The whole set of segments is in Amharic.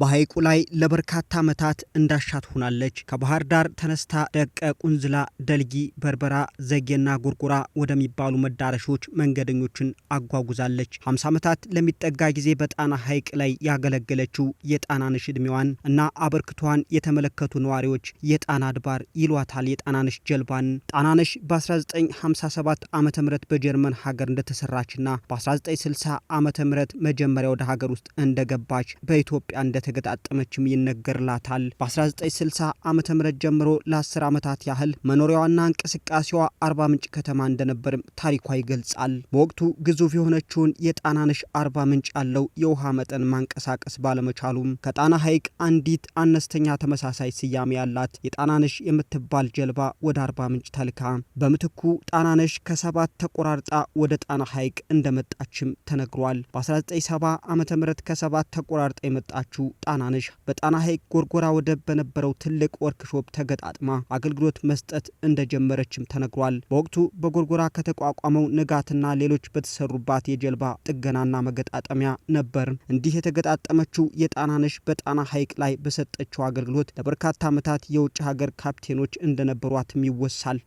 በሐይቁ ላይ ለበርካታ ዓመታት እንዳሻት ሆናለች። ከባህር ዳር ተነስታ ደቀ ቁንዝላ፣ ደልጊ፣ በርበራ፣ ዘጌና ጉርጉራ ወደሚባሉ መዳረሾች መንገደኞችን አጓጉዛለች። 50 ዓመታት ለሚጠጋ ጊዜ በጣና ሐይቅ ላይ ያገለገለችው የጣናነሽ ዕድሜዋን እና አበርክቷን የተመለከቱ ነዋሪዎች የጣና አድባር ይሏታል። የጣናነሽ ጀልባን ጣናነሽ በ1957 ዓ ም በጀርመን ሀገር እንደተሰራችና በ1960 ዓ ም መጀመሪያ ወደ ሀገር ውስጥ እንደገባች በኢትዮጵያ እንደ እንደተገጣጠመችም ይነገርላታል። በ1960 ዓ ም ጀምሮ ለ10 ዓመታት ያህል መኖሪያዋና እንቅስቃሴዋ አርባ ምንጭ ከተማ እንደነበርም ታሪኳ ይገልጻል። በወቅቱ ግዙፍ የሆነችውን የጣናነሽ አርባ ምንጭ ያለው የውሃ መጠን ማንቀሳቀስ ባለመቻሉም ከጣና ሐይቅ አንዲት አነስተኛ ተመሳሳይ ስያሜ ያላት የጣናነሽ የምትባል ጀልባ ወደ አርባ ምንጭ ተልካ በምትኩ ጣናነሽ ከሰባት ተቆራርጣ ወደ ጣና ሐይቅ እንደመጣችም ተነግሯል። በ1970 ዓ ም ከሰባት ተቆራርጣ የመጣችው ነሽ በጣና ሐይቅ ጎርጎራ ወደብ በነበረው ትልቅ ወርክሾፕ ተገጣጥማ አገልግሎት መስጠት እንደጀመረችም ተነግሯል። በወቅቱ በጎርጎራ ከተቋቋመው ንጋትና ሌሎች በተሰሩባት የጀልባ ጥገናና መገጣጠሚያ ነበር። እንዲህ የተገጣጠመችው የጣና ነሽ በጣና ሐይቅ ላይ በሰጠችው አገልግሎት ለበርካታ ዓመታት የውጭ ሀገር ካፕቴኖች እንደነበሯትም ይወሳል።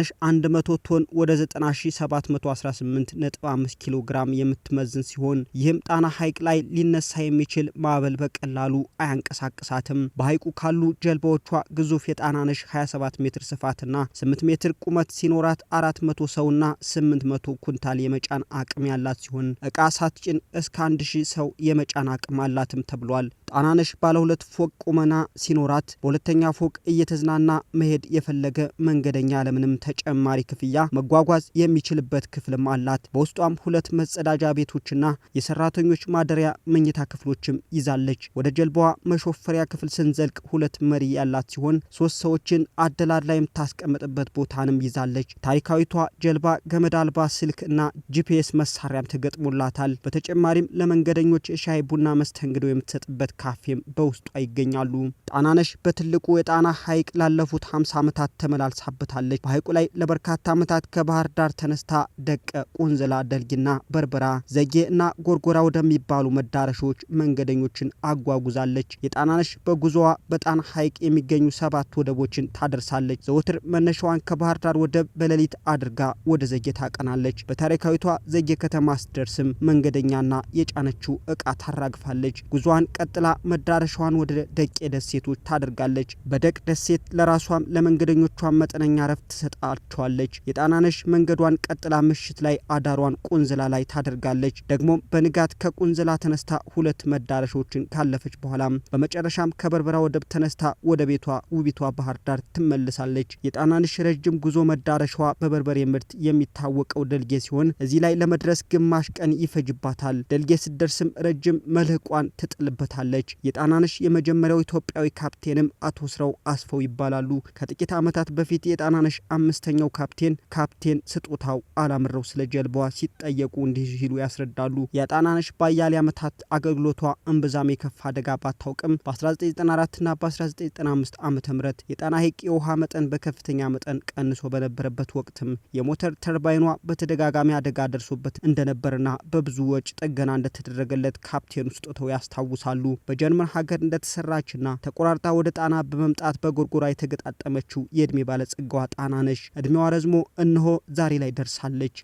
ነሽ 100 ቶን ወደ 90718.5 ኪሎ ግራም የምትመዝን ሲሆን ይህም ጣና ሐይቅ ላይ ሊነሳ የሚችል ማዕበል በቀል በቀላሉ አያንቀሳቅሳትም። በሐይቁ ካሉ ጀልባዎቿ ግዙፍ የጣናነሽ 27 ሜትር ስፋትና 8 ሜትር ቁመት ሲኖራት 400 ሰውና 800 ኩንታል የመጫን አቅም ያላት ሲሆን እቃ ሳትጭን እስከ 1000 ሰው የመጫን አቅም አላትም ተብሏል። ጣናነሽ ባለ ሁለት ፎቅ ቁመና ሲኖራት በሁለተኛ ፎቅ እየተዝናና መሄድ የፈለገ መንገደኛ ለምንም ተጨማሪ ክፍያ መጓጓዝ የሚችልበት ክፍልም አላት። በውስጧም ሁለት መጸዳጃ ቤቶችና የሰራተኞች ማደሪያ መኝታ ክፍሎችም ይዛለች። ወደ ጀልባዋ መሾፈሪያ ክፍል ስንዘልቅ ሁለት መሪ ያላት ሲሆን ሶስት ሰዎችን አደላድላ የምታስቀምጥበት ቦታንም ይዛለች። ታሪካዊቷ ጀልባ ገመድ አልባ ስልክ እና ጂፒኤስ መሳሪያም ተገጥሞላታል። በተጨማሪም ለመንገደኞች ሻይ ቡና መስተንግዶ የምትሰጥበት ካፌም በውስጧ ይገኛሉ። ጣናነሽ በትልቁ የጣና ሐይቅ ላለፉት 50 ዓመታት ተመላልሳበታለች። በሐይቁ ላይ ለበርካታ ዓመታት ከባህር ዳር ተነስታ ደቀ፣ ቆንዘላ፣ ደልጊና በርበራ፣ ዘጌ እና ጎርጎራ ወደሚባሉ መዳረሻዎች መንገደኞችን አጓጉዛለች። የጣናነሽ በጉዞዋ በጣና ሐይቅ የሚገኙ ሰባት ወደቦችን ታደርሳለች። ዘወትር መነሻዋን ከባህር ዳር ወደብ በሌሊት አድርጋ ወደ ዘጌ ታቀናለች። በታሪካዊቷ ዘጌ ከተማ ስትደርስም መንገደኛና የጫነችው እቃ ታራግፋለች። ጉዞዋን ቀጥላ መዳረሻዋን ወደ ደቄ ደሴቶች ታደርጋለች። በደቅ ደሴት ለራሷም ለመንገደኞቿን መጠነኛ ረፍት ትሰጣቸዋለች። የጣናነሽ መንገዷን ቀጥላ ምሽት ላይ አዳሯን ቁንዝላ ላይ ታደርጋለች። ደግሞም በንጋት ከቁንዝላ ተነስታ ሁለት መዳረሻዎችን ካለፈች በኋላም በመጨረሻም ከበርበራ ወደብ ተነስታ ወደ ቤቷ ውቢቷ ባህር ዳር ትመልሳለች። የጣናነሽ ረጅም ጉዞ መዳረሻዋ በበርበሬ ምርት የሚታወቀው ደልጌ ሲሆን እዚህ ላይ ለመድረስ ግማሽ ቀን ይፈጅባታል። ደልጌ ስትደርስም ረጅም መልህቋን ትጥልበታለች። ነበረች። የጣናነሽ የመጀመሪያው ኢትዮጵያዊ ካፕቴንም አቶ ስራው አስፈው ይባላሉ። ከጥቂት ዓመታት በፊት የጣናነሽ አምስተኛው ካፕቴን ካፕቴን ስጦታው አላምረው ስለ ጀልባዋ ሲጠየቁ እንዲህ ሲሉ ያስረዳሉ። የጣናነሽ ባያሌ ዓመታት አገልግሎቷ እምብዛም የከፋ አደጋ ባታውቅም በ1994ና በ1995 ዓ ም የጣና ሐይቅ የውሃ መጠን በከፍተኛ መጠን ቀንሶ በነበረበት ወቅትም የሞተር ተርባይኗ በተደጋጋሚ አደጋ ደርሶበት እንደነበርና በብዙ ወጪ ጥገና እንደተደረገለት ካፕቴኑ ስጦተው ያስታውሳሉ። በጀርመን ሀገር እንደተሰራችና ተቆራርጣ ወደ ጣና በመምጣት በጎርጎራ የተገጣጠመችው የእድሜ ባለጸጋዋ ጣና ነች። እድሜዋ ረዝሞ እነሆ ዛሬ ላይ ደርሳለች።